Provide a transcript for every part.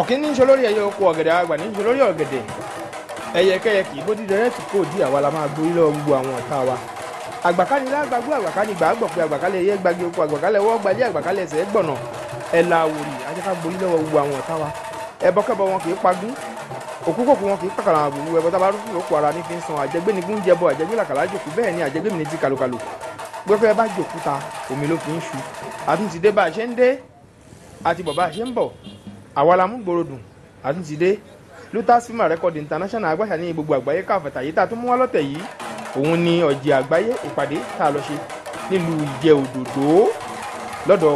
ọ̀kín ní ṣe lórí ẹyẹ oko ọ̀gẹ̀dẹ̀ àgbà ní ṣe lórí ọ̀gẹ̀dẹ̀ ẹyẹkẹyẹ kì í bó dídẹ rẹ tí kò di àwa la máa gborí lọ́wọ́ gbogbo àwọn ọ̀tá wa àgbàkánì lágbàgbó àgbàkánì gbàgbọ̀ pé àgbàkálẹ̀ ẹyẹ gbagi oko àgbàkálẹ̀ wọ́ gbalé àgbàkálẹ̀ ẹsẹ̀ gbọ̀nà ẹ̀là àwòrì ajẹ́ká gborí lọ́wọ́ gbogbo àwọn ọ̀tá wa ẹbọkẹ́bọ wọn kì í pagún òkúkòkò wọn kì í pàkàrà àbùrù ẹbọ tá a bá rúfin òkú ara ní fi ń san àjẹgbé ni gún jẹbọ àjẹgbé làkàlà bẹ́ẹ̀ ni àjẹgbé ni ti kàlùkàlù gbẹ́fẹ́ bá jòkúta omi ló fi ń ṣu àtúntì dé bá a ṣe ń dé àti bọ̀ bá a ṣe ń bọ̀ àwa la mú gbòòrò dùn àtúntì dé Lutas Record International agbáṣà ní gbogbo àgbáyé káfàtà yìí tá a tún mú wá lọ́tẹ̀ yìí òun ni ọ̀jì àgbáyé ìpàdé tá a lọ ṣe nílùú ìjẹ́ òdòdó lọ́dọ̀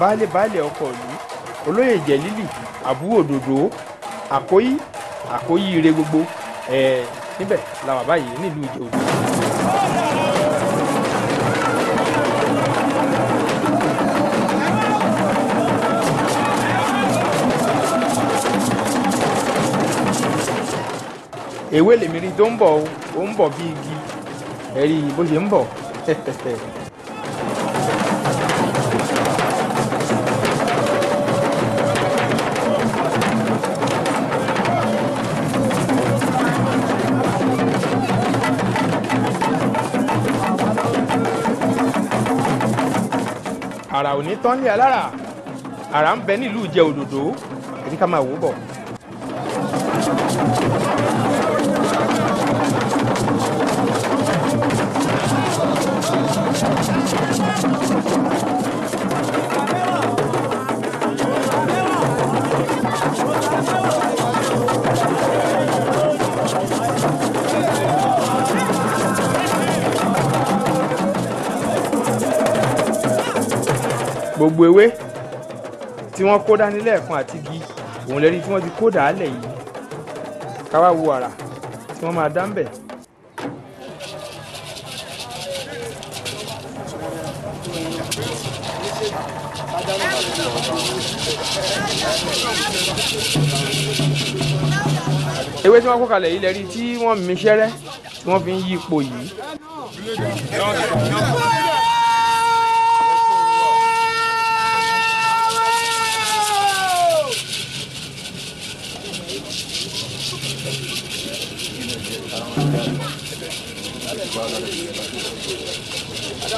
baálé baálé ọkọ̀ ìlú olóyè ìjẹ́ lílì àbú òdòdó àkóyí àkóyí ire gbogbo ẹ̀ níbẹ̀ làwà báyìí nílùú ìjẹ́ òdòdó. ewé lèmi rí tó ń bọ̀ ó ń bọ̀ bí igi ẹ̀rí bó ṣe ń bọ̀. àrà ò ní tán ní alára àrà ń bẹ nílùú jẹ òdòdó èyí ká máa wò bọ̀. gbogbo ewé tí wọ́n kó dání lẹ́ẹ̀kan àti igi òun lẹ́rí tí wọ́n ti kó dàálẹ̀ yìí ká wá wo àrà tí wọ́n máa dá ń bẹ̀. ewé tí wọ́n kó kalẹ̀ yìí lẹ́rí tí wọ́n mi ṣẹ́rẹ́ tí wọ́n fi ń yí ipò yìí.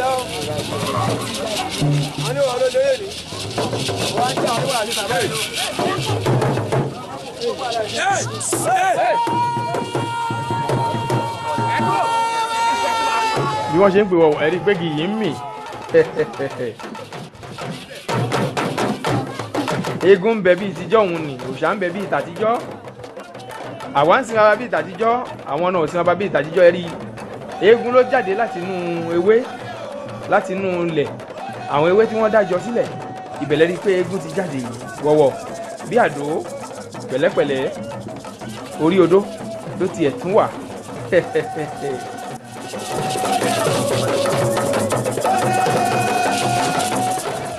jẹ́ bí wọ́n ṣe ń pè wọ́n ẹ̀rí pé kì í mì eégún bẹ bíi tijọ́ òun ni òòṣà ń bẹ bíi tàtijọ́ àwa ń sin bíi tàtijọ́ àwọn náà ò sin bíi tàtijọ́ ẹ rí ló jáde láti ewé láti inú ilẹ̀ àwọn ewé tí wọ́n dájọ sílẹ̀ ìbẹ̀lẹ̀ rí i pé eégún ti jáde wọ̀wọ̀ bí àdó pẹ̀lẹ́pẹ̀lẹ́ orí odó ló tiẹ̀ tún wà.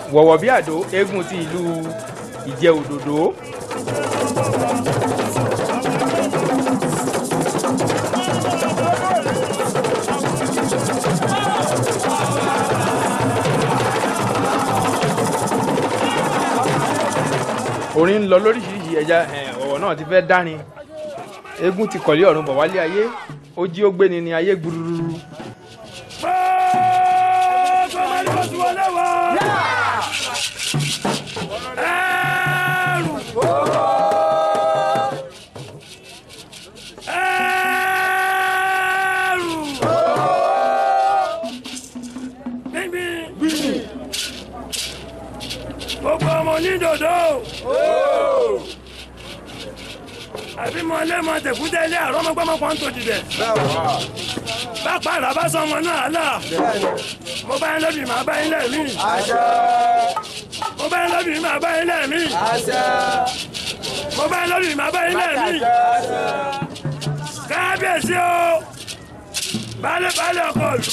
wọ̀wọ̀ bí àdó eégún ti ìlú ìjẹ́ òdòdó. orin ń lọ lóríṣiríṣi ẹja ọ̀wọ̀ náà ti fẹ́ dárin Egun ti kọ̀lé ọ̀run bọ̀ wálé ayé ó jí ó gbéni ní ayé gbúrúrú lẹ́mọ tẹ̀kútẹ́ ilé àrọ́ ọmọgbọ́mọ kan tó dìdẹ̀. bápá àrà bá sọ náà là. mo bá yín lóbì máa bá yín lẹ́mí. mo bá yín lóbì máa bá yín lẹ́mí. mo bá yín lóbì máa bá yín lẹ́mí. kábíyèsí o baálẹ̀ baálẹ̀ ọkọ̀ òlú.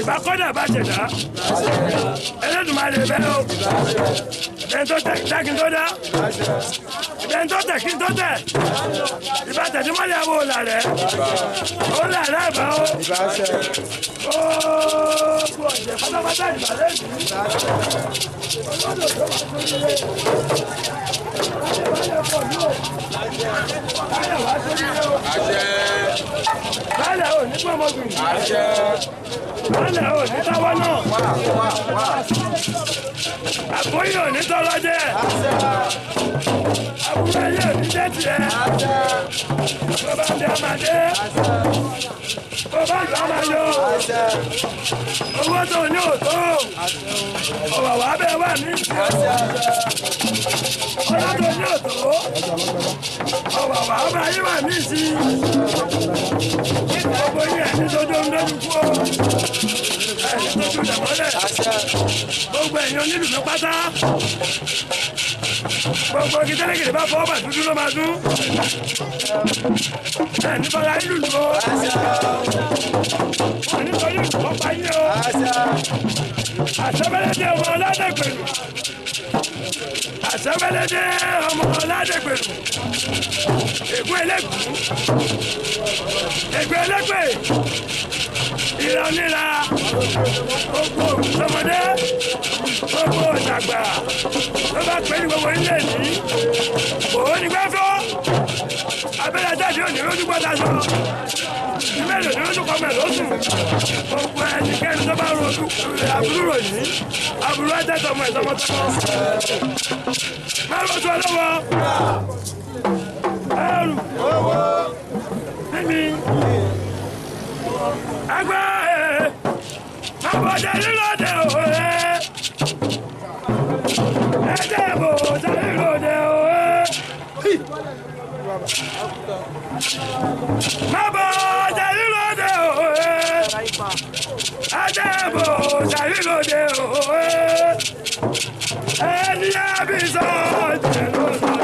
ìbá bá jẹ̀dá. ẹlẹ́dùnmáà lè bẹ́ẹ̀ o. ẹni tó dákin tó dá ẹni tó tẹ̀ kí n tó tẹ̀ ìbá tẹ̀sí mọ́lẹ̀ àwọn òòlà rẹ̀ òòlà rẹ̀ bá ó ó kú ọ̀jẹ̀ pátápátá ìgbà rẹ̀ jù Bálẹ̀ ò ní pọ́nmọ́gbìn. Bálẹ̀ ò ní táwọn náà àkóyò onítọ́rọ́ jẹ́ àbúrò ayé òníjẹ́ tiẹ̀ bó bá dé ọmọdé bó bá dé ọmọdé owó tó ní òtó ọ̀wọ̀ wà bẹ́ẹ̀ wà ní ìsìn owó tó ní òtó ọ̀wọ̀ wà bẹ́ẹ̀ wà ní ìsìn gbogbo yẹn ní sojú ń dẹ́nu kú ọ́ ẹ̀ ní sojú dẹ̀ mọ́lẹ̀ gbogbo ẹ̀yin onílù nù pátá gbogbo igi tẹ́lẹ̀kìlì bá fọwọ́ bà dúdú ló máa dún ẹni bọ́lá lùlù o ẹni bọ́lá lùlù wọ́n pa yín o àṣẹbẹ́lẹ́dẹ́ ọmọ ọládẹ́gbẹ̀lú àṣẹbẹ́lẹ́dẹ́ ọmọ ọládẹ́gbẹ̀lú ègún ẹlẹ́gùn ègún ẹlẹ́gbẹ̀ẹ́ ìrà oníra gbogbo òkùtọ́mọdé gbogbo ìdàgbà ló bá pè ní gbogbo ilé ní òun ní gbẹ́fọ́ abẹ́rẹ́ jáde òní lójú gbọ́dá sọ ìmẹ́lẹ̀ òní lójú kọ́mẹ̀ lóṣù gbogbo ẹnikẹ́ni tó bá rojú àbúrò ròyìn àbúrò ẹ̀jẹ̀ tọmọ ẹ̀ tọmọ tọmọ mẹ́rin oṣù ọlọ́wọ́ ẹrù mímí ẹgbẹ́ àbọ̀dé lílọ́dẹ òwe ẹ̀dẹ́ bòótá lílọ́dẹ òwe. àbọ̀dé lílọ́dẹ òwe ẹ̀dẹ́ bòótá lílọ́dẹ òwe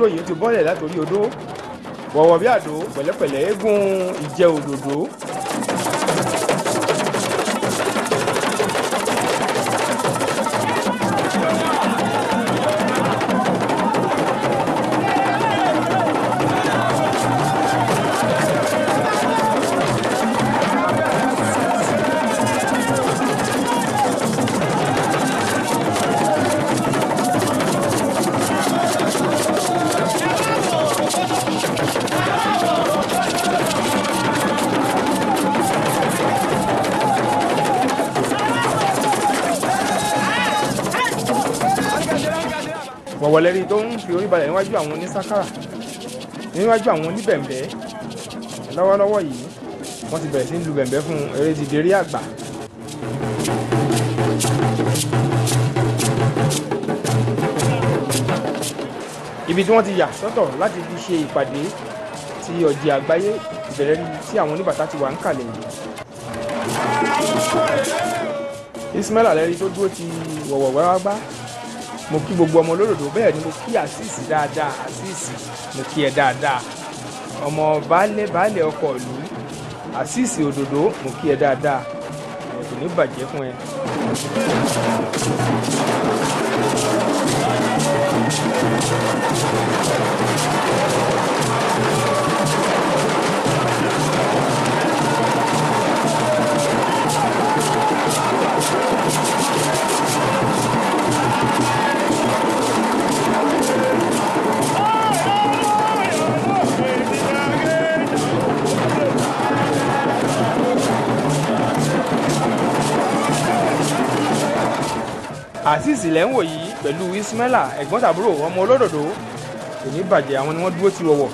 olújóyè ti bọ́lẹ̀ látòrí odó wọ̀wọ̀ bí àdó pẹ̀lẹ́pẹ̀lẹ́ eégún ìjẹ òdòdó lẹ rí tó ń fi orí balẹ̀ níwájú àwọn onísákárà níwájú àwọn oníbẹ̀m̀bẹ̀ lọ́wọ́lọ́wọ́ yìí wọ́n ti bẹ̀rẹ̀ sí ń lu bẹ̀m̀bẹ̀ fún eré ti dèrí àgbà. ibi tí wọ́n ti yà sọ́tọ̀ láti fi ṣe ìpàdé ti ọ̀jẹ̀ àgbáyé ìbẹ̀rẹ̀ tí àwọn oníbàtà ti wà ń kàlẹ̀ yìí. Ismail Alẹ́rí tó dúró ti wọ̀wọ̀ wẹ́wàá gbá mo kí gbogbo ọmọ olódòdó bẹ́ẹ̀ ni mo kí àṣìṣì dáadáa àṣìṣì mo kí ẹ dáadáa ọmọ baálé baálé ọkọ ìlú àṣìṣì òdòdó mo kí ẹ dáadáa ẹ ní bàjẹ́ fún ẹ. Thank you. sì lẹ́ ń wò yìí pẹ̀lú Ismaila ẹ̀gbọ́n tàbúrò ọmọ olódòdó kò ní bàjẹ́ àwọn ni wọ́n dúró ti wọ̀wọ̀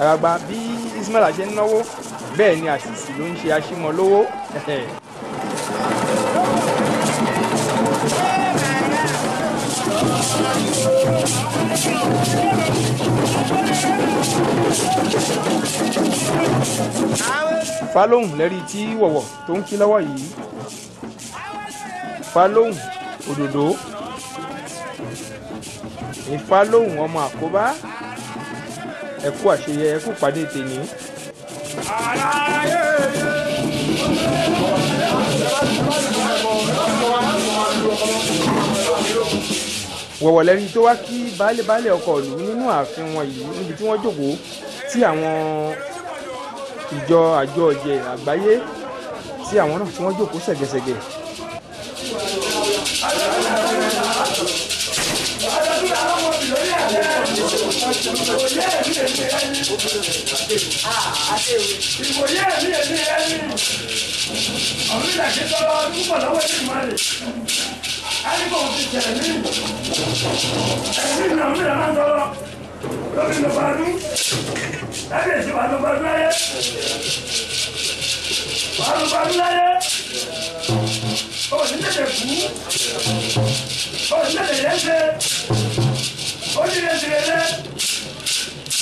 àgbàgbà bí Ismaila ṣe ń náwó bẹ́ẹ̀ ni àṣìṣì ló ń ṣe aṣímọ lówó. Fálóhùn lẹ́rí tí wọ̀wọ̀ tó ń kí lọ́wọ́ yìí Fálóhùn òdòdó ifá lóhùn ọmọ àkóbá ẹ kú àṣeyẹ ẹ kú pàdé tèmi. wọ̀wọ̀ lẹ́ni tó wá kí baálé-baálé ọkọ̀ ìlú nínú ààfin wọn yìí níbi tí wọ́n jókòó tí àwọn ìjọ àjọ ọ̀jẹ̀ àgbáyé tí àwọn náà tí wọ́n jókòó ṣẹ̀gẹ̀ṣẹ̀gẹ̀ ìwòye mi èmi ẹni. ìwòye mi èmi ẹni. ọ̀rọ̀ ìdàgbé tọ́lọ́ ọdún pọ̀ lọ́wọ́ ẹ̀dí máa lè. alíkò ti jẹ̀ mí. ẹ̀mí mi ọ̀rọ̀ ìdàgbé tọ́lọ́ lórí lọ́gbàdún. lábẹ́ ìjọba lọ́gbàdún ayé. wàá lọ́gbàdún ayé. òní tètè kú. òní tètè yẹn ṣe. òní tètè yẹn ṣe.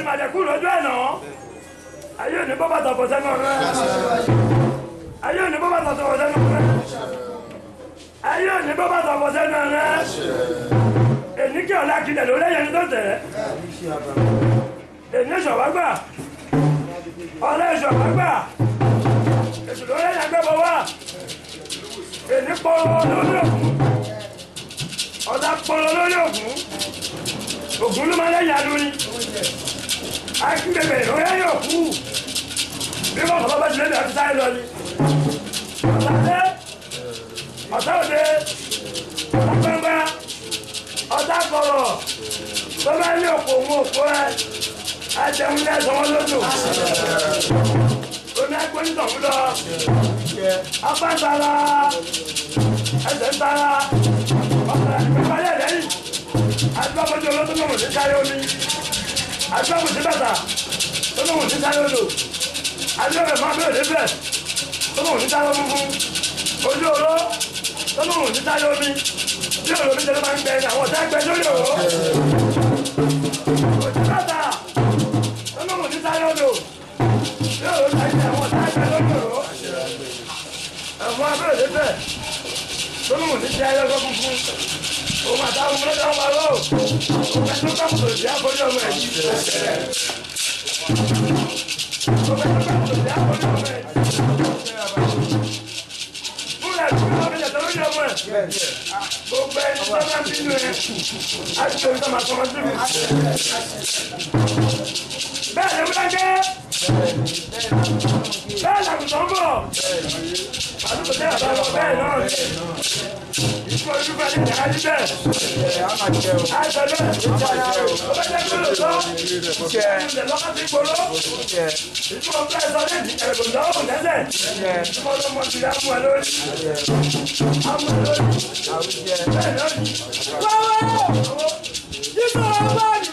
ti bàjẹ́ kú lọ́jọ́ ẹ̀nà ayé òní bọ́ bàtà bọ̀ sẹ́nu rẹ ayé òní bọ́ bàtà bọ̀ sẹ́nu rẹ ayé òní bọ́ bàtà bọ̀ sẹ́nu rẹ èní kí ọ̀la kìlẹ̀ lórí ẹ̀yẹ ní tọ̀tẹ̀ èní ìṣọ̀wá gbà ọ̀la ìṣọ̀wá gbà èṣù lórí ẹ̀yẹ gbẹ́bọ̀ wá èní pọ̀rọ̀ lórí òkun ọ̀la pọ̀rọ̀ lórí òkun òkun ló máa lẹ́yìn adúlí akí bèbè lórí ẹ̀yìn òkú bí wọn kọ́ bá jẹ́ ní ọtí táyé lọ ni ọ̀tàdé ọ̀tàdé ọ̀tàgbẹ́ngbẹ́ ọ̀tàkọ̀rọ̀ tó bá ní òkú òun òkú ẹ ajẹun ní ẹsẹ̀ wọn lójú oní ẹgbẹ́ ní tọ̀kúdọ̀ apá tara ẹsẹ̀ tara ọ̀tàdé pípa yẹ̀ lẹ́yìn àti bá bọ́jú olóṣèlú mọ̀ sí káyọ̀ ni adúlọ́mù sí bàtà olóhùn sí sáré odò adúlọ́mù máa bẹ̀rẹ̀ débẹ̀ olóhùn sí sáré funfun ojú oró olóhùn sí sáré omi bí òrò mi tẹ́lẹ̀ máa ń gbẹ ní àwọn ọ̀tá gbẹ lórí òró òsì bàtà òun àtàwọn ọmọ lọ́dọ̀ ọmọ lọ́wọ́ pẹ̀lú kápùtò ìdí àbọ̀dé ọmọ ẹ̀jí ìṣẹ̀lẹ̀ pẹ̀lú kápùtò ìdí àbọ̀dé ọmọ ẹ̀jí múlẹ̀ tí wọ́n fi yàtọ̀ lórí ọmọ ẹ̀ gbogbo ẹni tó bá ti nù ẹ̀ á ti sọ̀rọ̀ sọ̀rọ̀ sọ̀rọ̀ bẹ́ẹ̀ lè wúlá jẹ́ bẹ́ẹ̀ làgùtà ń bọ̀ àdúgbò tẹ́ àbá lọ bẹ́ẹ̀ náà rí ìfọ̀ ojú bẹ́ẹ̀ ní ìdájí bẹ́ẹ̀ àìsàn bẹ́ẹ̀ ọbẹ̀ jẹ́ kí ló sọ ìṣẹ̀lẹ̀ lọ́kàtí gbòòrò ìfọ̀ bẹ́ẹ̀ sọ ní ìdìbò lọ́wọ́ lẹ́sẹ̀ ìfọ̀ lọ́mọ ti dá mú ẹ lórí àwọn ẹ lórí bẹ́ẹ̀ lórí. Báwo! Yíṣọ́ ọgbà ni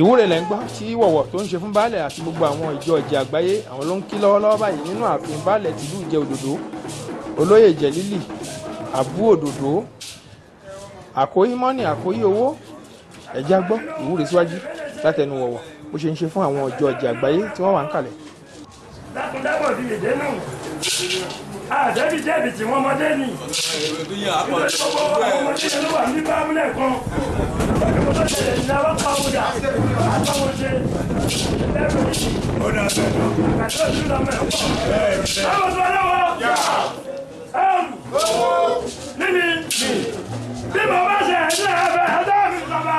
ìwúre lẹ́ ń gbọ́ tí wọ̀wọ̀ tó ń ṣe fún baálẹ̀ àti gbogbo àwọn ìjọ ìjẹ́ àgbáyé àwọn ló ń kí lọ́wọ́lọ́wọ́ báyìí nínú ààfin baálẹ̀ tìlú Ìjẹ́ Òdòdó olóyè Ìjẹ́ lílì àbú Òdòdó àkóyí mọ́nì àkóyí owó ẹ̀já gbọ́ ìwúre síwájú látẹnu wọ̀wọ̀ bó ṣe ń ṣe fún àwọn ìjọ ìjẹ́ àgbáyé tí wọ́n wà ń kalẹ̀. dákúndábọ̀ ti lè dé náà àdẹ́bí jẹ́bi tí wọ́n mọdé ni nítorí gbogbo ọmọdé ló wà ní bámúlẹ̀ kan lọ́dún tó ṣẹlẹ̀ ní alápáwọ́dà àtàwọ̀dé ẹ̀rọ yìí àti oṣù lọ́mọ ẹ̀kọ́ àwọn tó lọ́wọ́ ẹ̀rù níbi bí mo bá ṣe ẹ̀ṣẹ̀ ẹ̀fẹ̀ ẹ̀dá mi bàbá.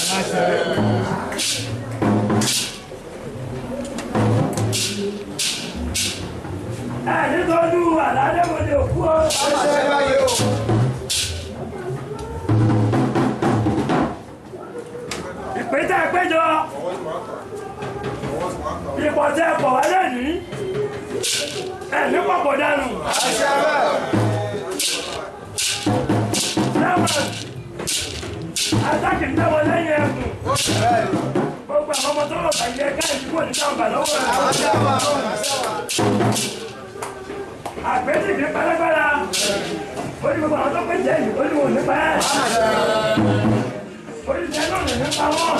ẹni tó dùn wà ládẹ́mọ̀dé òkú ọ. àṣẹ báyìí o. ìpín tá a péjọ ipò tẹ pọ̀ wá lẹ́nìí ẹ̀mí pọ̀pọ̀ dànù. àṣẹ bẹ́ẹ̀ atákì ń dáwọ́ lẹ́yìn gbogbo àwọn ọmọ tó lọ bàjẹ́ ẹ̀ka ìdúgbò ní sàǹbà lọ́wọ́ rẹ̀. àgbẹ̀tì ní pálápàlà ó ní gbogbo àwọn tó pé jẹ́ ìlú ó ní wọn nípa ẹ̀. ó ní jẹ́ náà nípa wọn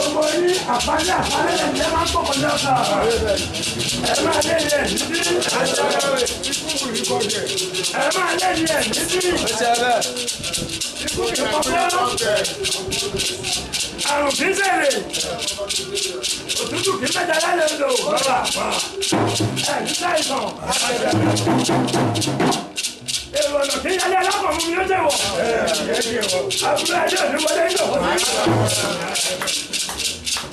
gbogbo ní àpáńdé àpáńdé lè ní ẹ máa ń pọ̀ kọjá ọ̀tá ẹ máa lé ní ẹ̀ níbí ẹ máa lé ní ẹ̀ níbí ikú ìkọ̀kọ̀ àrùn kì í sèrè òtútù kì í mẹ́ta lálẹ́ odò bàbà ẹ̀ nígbà ìtàn èrò ọ̀nà kí yálé alákọ̀ọ́mù mi ló dé wọ̀ àbúrò ẹjọ́ ìdíwọlé ìdòwò.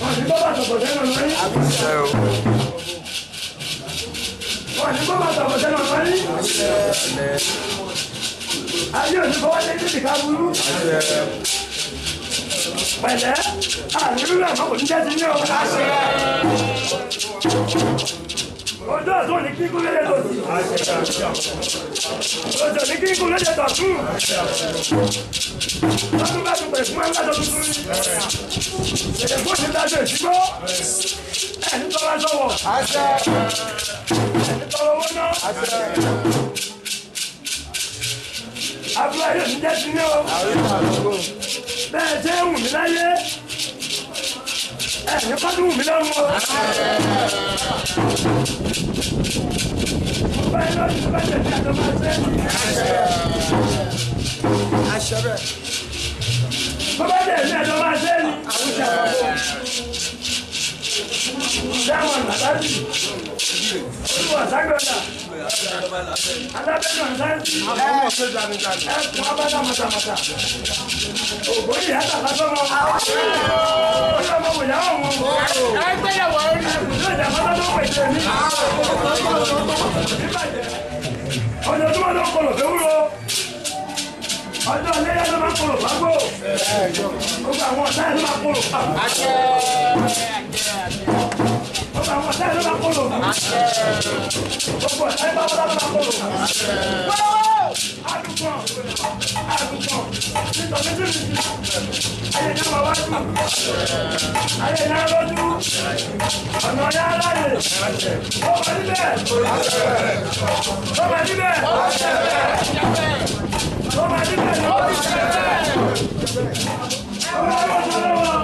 wọ́n ti bọ́ bàtà kò sẹ́nu lọ́yìn. wọ́n ti bọ́ bàtà kò sẹ́nu lọ́yìn. ayé òní ọjọ́ ọ̀tún ní kíkún lẹ́lẹ́ tó sí ọjọ́ ní kíkún lẹ́lẹ́ tó tún lọ́dún bá tún pẹ̀lú ẹ̀ńlá tó tuntun rí èdè fún ti dájọ́ ìṣúgbó ẹni tó wá sọ̀wọ̀ ẹni tó wọ́wọ́ náà abúlé yóò ti jẹ́ sí ní o bẹ́ẹ̀ jẹ́ wù mí láyé ẹ̀mí kọ́dún mi lọ́rùn o. mo bá iná yìí bá tẹ̀lé àjọ máa ṣe é. aṣọ rẹ̀. mo bá tẹ̀lé àjọ máa ṣe é. àwùjọ àwọn ọmọ dáwọn àlábì olúwa ságbọ́nà alábẹ́nà sáńtì ẹkùn abájá mọ̀tàmọ̀tà ògbóni yàtà lásánmọ́ ọlọ́mọ wòlíà ọ̀hún ẹgbẹ́yàwó orí ẹkùn tó ìjàmbá lọ́dún pẹ̀lú mi ọjọ́ tó wọ́n lọ kọlọ̀ fẹ́wúrọ́ ọjọ́ iléyà ló máa kọlọ̀ fágbó gbogbo àwọn ọ̀tá ẹ̀ ló máa kọlọ̀ fágbó àwọn ọ̀tá ẹ̀rọ máa kọlù gbogbo ẹ̀ bá bá bá kọlù. Adùnkàn adùnkàn nítorí tí mi ti ayé náà wá jù ayé náà lójú ọ̀nà yá láyè ó wà níbẹ̀ ó wà níbẹ̀ ó wà níbẹ̀ ó wà níbẹ̀ ó wà níbẹ̀.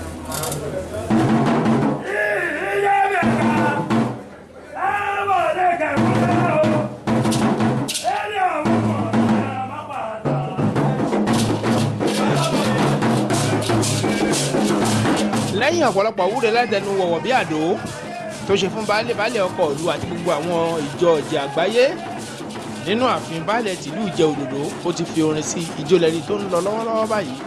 lẹ́yìn ọ̀pọ̀lọpọ̀ wúre lẹ́dẹ̀nu wọ̀wọ̀ bí àdó tó ṣe fún baálé baálé ọkọ̀ òlu àti gbogbo àwọn ìjọ ọ̀jẹ̀ àgbáyé nínú ààfin baálé tìlú ìjẹ òdòdó ó ti fi orin sí ijó tó ń lọ lọ́wọ́lọ́wọ́ báyìí.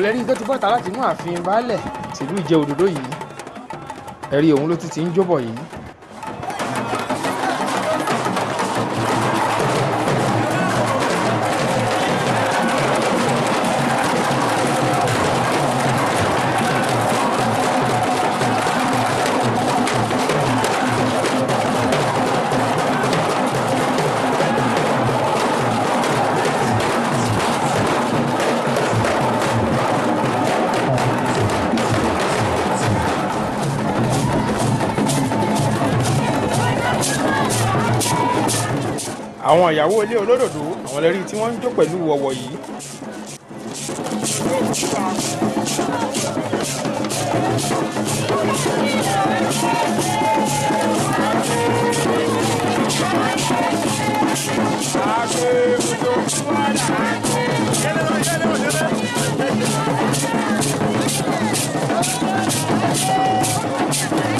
ìrọ̀lẹ́ rí tó ti bọ́ta láti inú ààfin baálẹ̀ tìlú ìjẹ́ òdòdó yìí ẹ̀rí òun ló ti ti ń jóbọ̀ yìí àwọn ìyàwó ilé olódòdó àwọn lẹ́rí tí wọ́n ń jó pẹ̀lú ọ̀wọ̀ yìí. Thank you.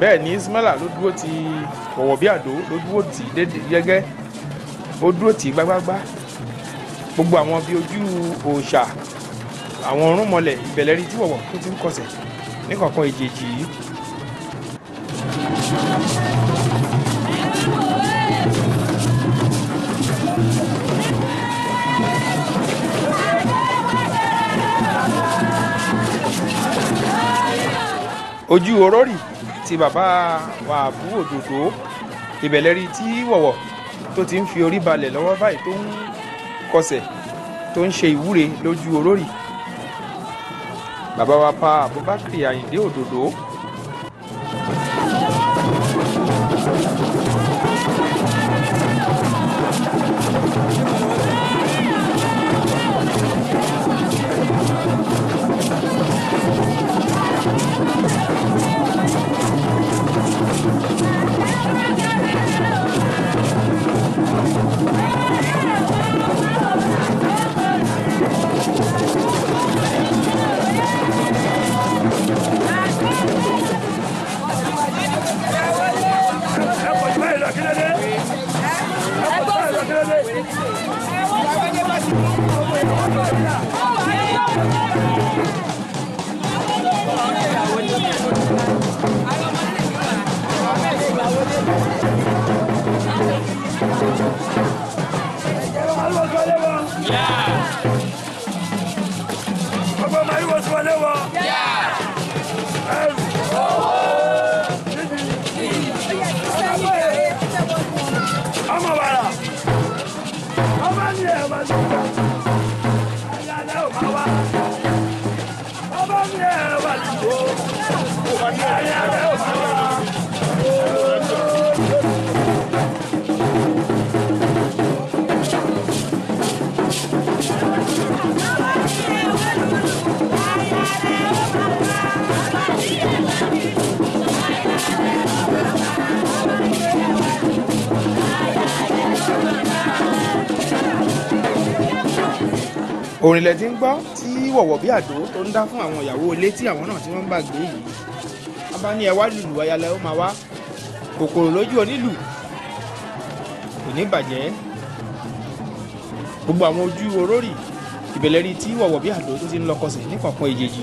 bẹ́ẹ̀ ni ismaila ló dúró ti Ọ̀wọ̀bíàdó ló dúró ti Yẹ́gẹ́ ó dúró ti gbágbágbá gbogbo àwọn bíi ojú òòṣà àwọn orúnmọlẹ̀ ìbẹ̀lẹ̀ tí wọ̀wọ̀ tó ti ń kọsẹ̀ níkọ̀ọ̀kan èjèèjì yìí. ojú orórì ti bàbá wa àbúrò dòdò ìbẹ̀lẹ́rí tí wọ̀wọ̀ tó ti ń fi orí balẹ̀ lọ́wọ́ báyìí tó ń kọsẹ̀ tó ń ṣe ìwúre lójú orórì bàbá wa pa Abubakar Ayinde Òdòdó Thank you. orin lẹ ti ń gbọ́ tí wọ̀wọ̀ bí àdó tó ń dá fún àwọn ìyàwó ilé tí àwọn náà tí wọ́n ń bá yìí bá ní ẹ wá lùlù ayalẹ ó máa wá kòkòrò lójú onílù kò ní bàjẹ́ gbogbo àwọn ojú orórì ìbẹ̀lẹ̀ rí tí wọ̀wọ̀ bí àdó tó ti ń lọ́kọsẹ̀ ní kọ̀ọ̀kan ìjèjì.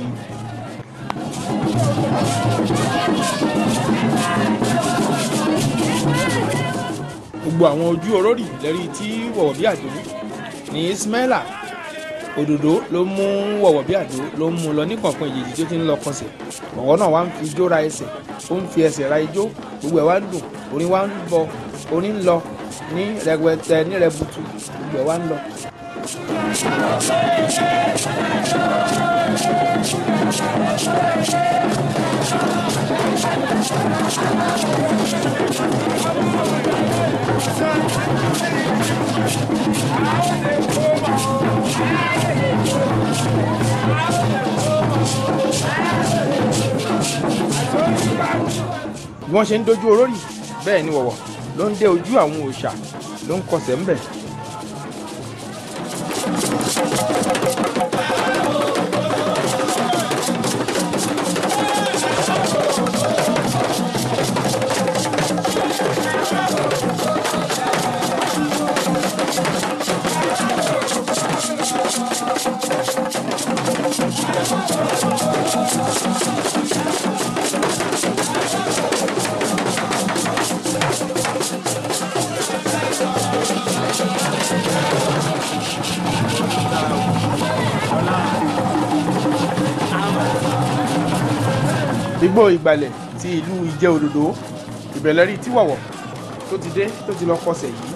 gbogbo àwọn ojú orórì lẹ́rí tí wọ̀wọ̀ bí àdó ní Ismaila òdòdó ló mú wọ̀wọ̀ bí àdó ló mú lọ ní kọ̀ọ̀kan ìjèjì tí ó ti ń lọ kọsẹ̀ ọ̀wọ́ náà wá ń fi ijó ra ẹsẹ̀ ó ń fi ẹsẹ̀ ra ijó gbogbo ẹ̀ wá ń dùn orin wá ń bọ orin ń lọ ní rẹwẹtẹ ní rẹbutu gbogbo ẹ̀ wá ń lọ. Thank you bí wọ́n ṣe ń dojú orórì bẹ́ẹ̀ ni wọ̀wọ̀ ló ń dé ojú àwọn òòṣà ló ń kọsẹ̀ ńbẹ̀ àdúgbò ìgbàlẹ̀ ti ìlú ìjẹ́ òdòdó ìbẹ̀lẹ́rí tíwọ̀wọ̀ tó ti dé tó ti lọ kọsẹ̀ yìí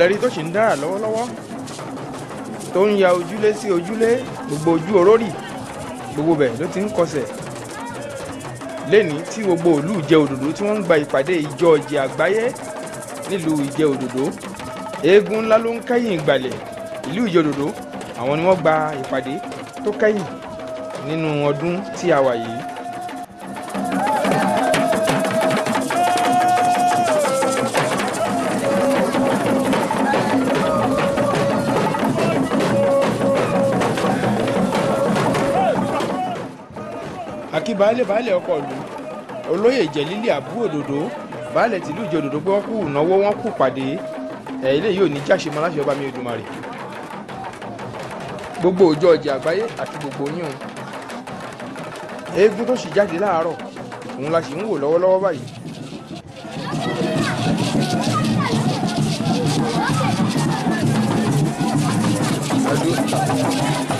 lẹ́rí tó sì ń dára lọ́wọ́lọ́wọ́ tó ń ya ojúlé sí ojúlé gbogbo ojú orórì gbogbo bẹ̀ ló ti ń kọsẹ̀ lẹ́ni tí gbogbo ìlú ìjẹ òdòdó tí wọ́n ń gba ìpàdé ìjọ ìjẹ àgbáyé nílùú ìjẹ òdòdó eégún ńlá ló ń kẹ́yìn ìgbàlẹ̀ ìlú ìjẹ òdòdó àwọn ni wọ́n gba ìpàdé tó kẹ́yìn nínú ọdún tí a wà yìí baálé baálé ọkọ ìlú olóyè ìjẹ̀lílì àbú òdòdó baálé tìlú ìjẹ òdòdó pé wọ́n kú ìnáwó wọ́n kú pàdé ẹ̀ ilé yìí ò ní jáṣe mọ́ láṣẹ ọba mi Èdùmàrè gbogbo òjò ọjà àgbáyé àti gbogbo yín òun eégún tó sì jáde láàárọ̀ òun la sì ń wò lọ́wọ́lọ́wọ́ báyìí. Thank you.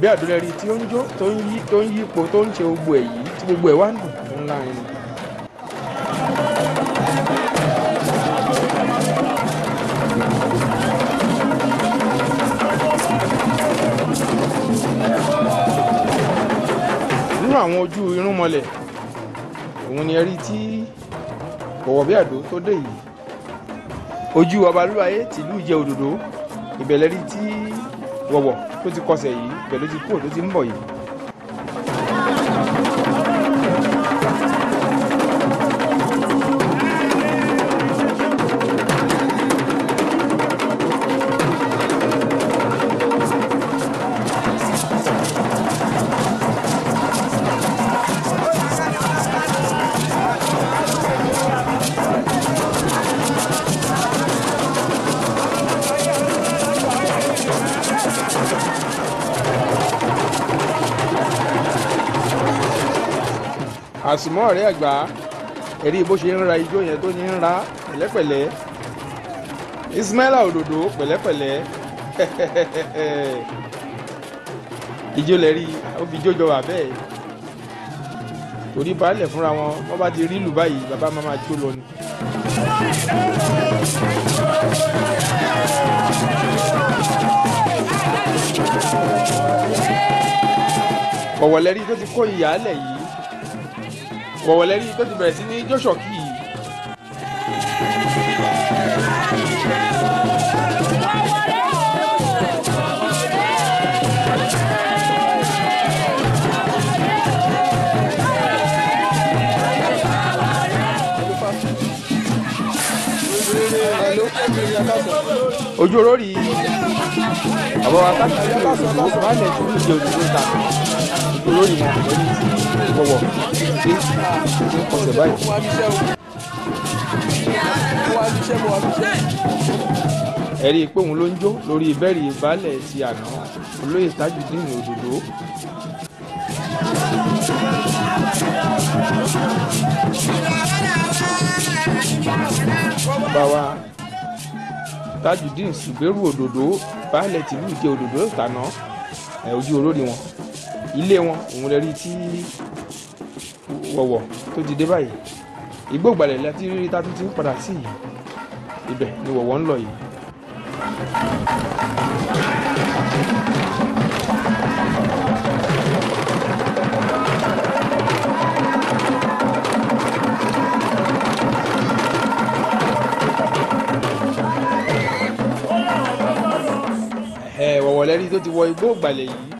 bí àdúrẹ́rí tí ó ń jó tó ń yí tó ń yípo tó ń ṣe gbogbo ẹ̀ yìí tí gbogbo ẹ̀ wá dùn ńlá yẹn. nínú àwọn ojú irúnmọlẹ̀ òun ni ẹ rí tí ọ̀wọ̀ bí àdó tó dé yìí ojú ọbalúwayé tìlú Ìjẹ Òdòdó ìbẹ̀lẹ̀ rí tí wọ̀wọ̀ tó ti kọsẹ̀ yìí bẹ́ẹ̀ ló ti kúrò ló ti ń bọ̀ yìí àsìmọ́ ọ̀rẹ́ àgbà ẹ̀rí bó ṣe ń ra ijó yẹn tó ní ń ra pẹ̀lẹ́pẹ̀lẹ́ Ismaila Òdòdó pẹ̀lẹ́pẹ̀lẹ́ ijó lẹ rí ó fi ijó jọ wà bẹ́ẹ̀ torí baálẹ̀ fúnra wọn wọ́n bá ti rí ìlú báyìí bàbá máa máa jó lọ ni. ọ̀wọ̀lẹ́rí tó ti kó ìyáálẹ̀ yìí wọ̀wọ̀lẹ́rí tó ti bẹ̀rẹ̀ sí ní joshua kì ojú olórí àbọ̀wá káàkiri ìlú ìlú ìlú ìlú ìlú ìlú ìlú ìlú ìlú ìlú olórí wọn kò ní bọ̀wọ̀ tí tí ń kọsẹ̀ báyìí. ẹ̀rí pé òun ló ń jó lórí bẹ́ẹ̀rì ìbálẹ̀ ti àná olóyè tajudeen òdòdó. bàbá tajudeen ṣùgbẹ́rù òdòdó baálẹ̀ tìlú ìjẹ́ òdòdó tàná ẹ̀ ojú olórí wọn ilé wọn òun lè rí tí wọ̀wọ̀ tó ti dé báyìí igbó ìgbàlẹ̀ láti rírí tá a tún ti ń padà sí yìí ibẹ̀ ni wọ̀wọ̀ ń lọ yìí. ẹ wọ̀wọ̀ lẹ́rí tó ti wọ igbó ìgbàlẹ̀ yìí